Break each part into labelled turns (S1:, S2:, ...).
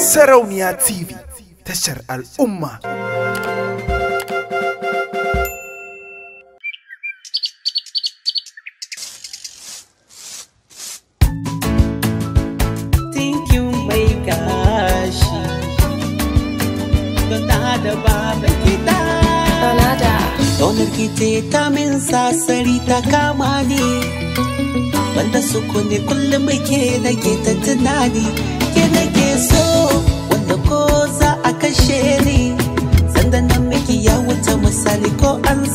S1: سرونيا تي في تشر الأمة mai gashi, gata da baba kita. Tanada. Donar ta min sasari ta kama ne, wanda suku ne kullum ke nake ta tunani, ke nake so. ni sandan nan miki ya wuce misali ko an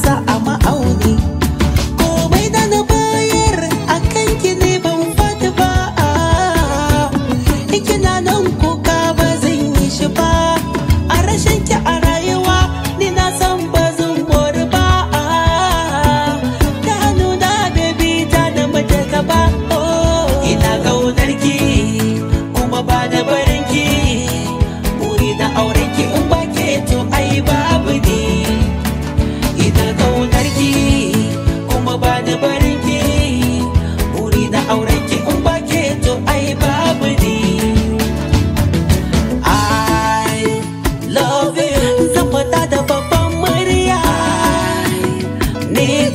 S1: Ai,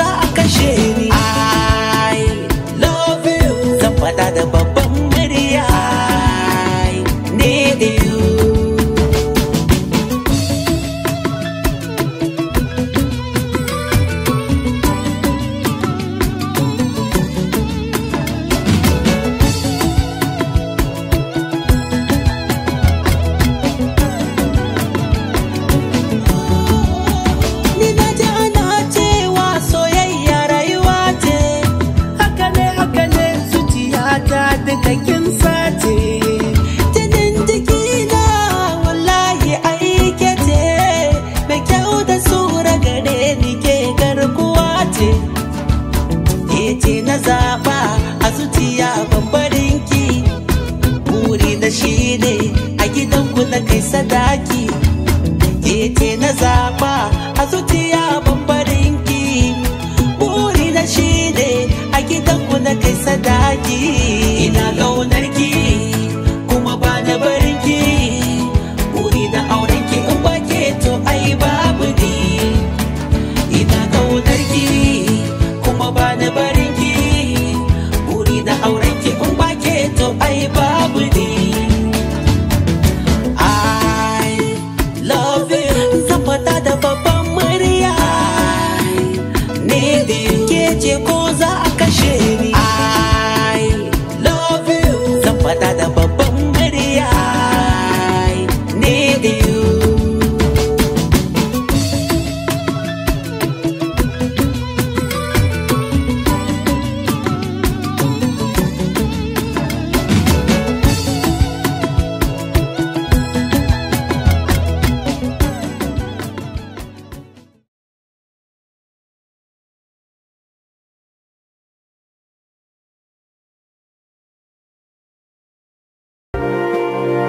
S1: a kashe ni love you zan faɗa da babban ce na zaba a zuciya bambarin ki buri na shi ne a gidanku na kai sadaki ke ce na zaba a zuciya bambarin ki buri na shi ne a gidanku na kai sadaki